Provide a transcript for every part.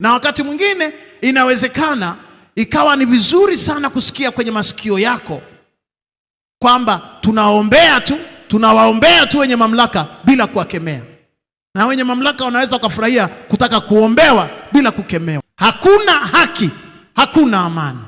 Na wakati mwingine inawezekana ikawa ni vizuri sana kusikia kwenye masikio yako kwamba tunaombea tu, tunawaombea tu wenye mamlaka bila kuwakemea, na wenye mamlaka wanaweza wakafurahia kutaka kuombewa bila kukemewa. Hakuna haki, hakuna amani.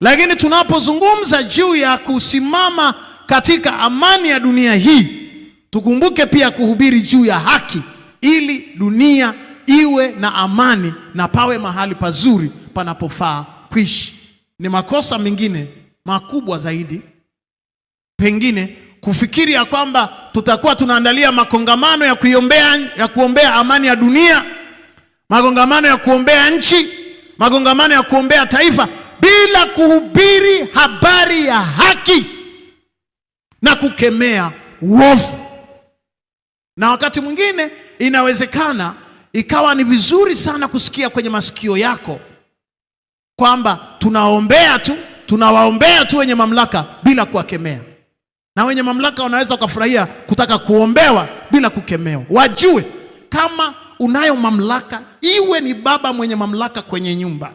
Lakini tunapozungumza juu ya kusimama katika amani ya dunia hii, tukumbuke pia kuhubiri juu ya haki ili dunia iwe na amani na pawe mahali pazuri panapofaa kuishi. Ni makosa mengine makubwa zaidi pengine kufikiri ya kwamba tutakuwa tunaandalia makongamano ya kuiombea ya kuombea amani ya dunia, makongamano ya kuombea nchi, makongamano ya kuombea taifa bila kuhubiri habari ya haki na kukemea uovu. Na wakati mwingine inawezekana ikawa ni vizuri sana kusikia kwenye masikio yako kwamba tunaombea tu, tunawaombea tu wenye mamlaka bila kuwakemea, na wenye mamlaka wanaweza kufurahia kutaka kuombewa bila kukemewa. Wajue kama unayo mamlaka, iwe ni baba mwenye mamlaka kwenye nyumba,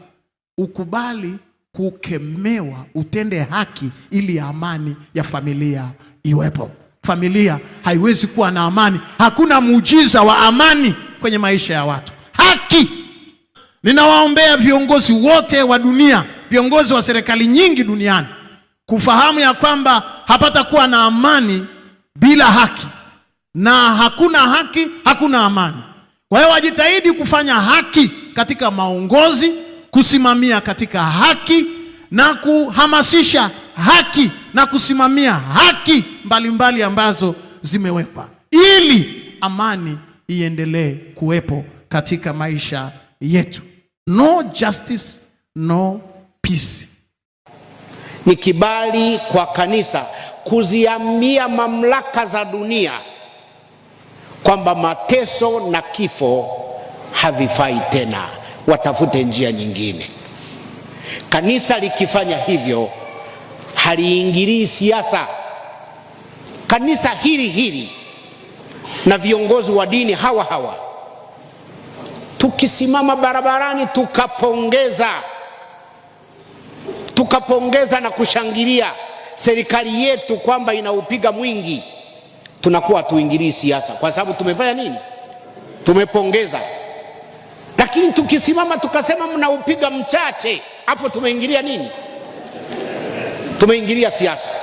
ukubali kukemewa, utende haki ili amani ya familia iwepo. Familia haiwezi kuwa na amani, hakuna muujiza wa amani kwenye maisha ya watu. Haki. Ninawaombea viongozi wote wa dunia, viongozi wa serikali nyingi duniani kufahamu ya kwamba hapatakuwa na amani bila haki, na hakuna haki hakuna amani. Kwa hiyo wajitahidi kufanya haki katika maongozi, kusimamia katika haki na kuhamasisha haki na kusimamia haki mbalimbali mbali ambazo zimewekwa ili amani iendelee kuwepo katika maisha yetu. No justice, no peace. Ni kibali kwa kanisa kuziambia mamlaka za dunia kwamba mateso na kifo havifai tena, watafute njia nyingine. Kanisa likifanya hivyo haliingilii siasa. Kanisa hili hili na viongozi wa dini hawa hawa, tukisimama barabarani tukapongeza tukapongeza na kushangilia serikali yetu kwamba inaupiga mwingi, tunakuwa hatuingilii siasa kwa sababu tumefanya nini? Tumepongeza. Lakini tukisimama tukasema mnaupiga mchache, hapo tumeingilia nini? Tumeingilia siasa.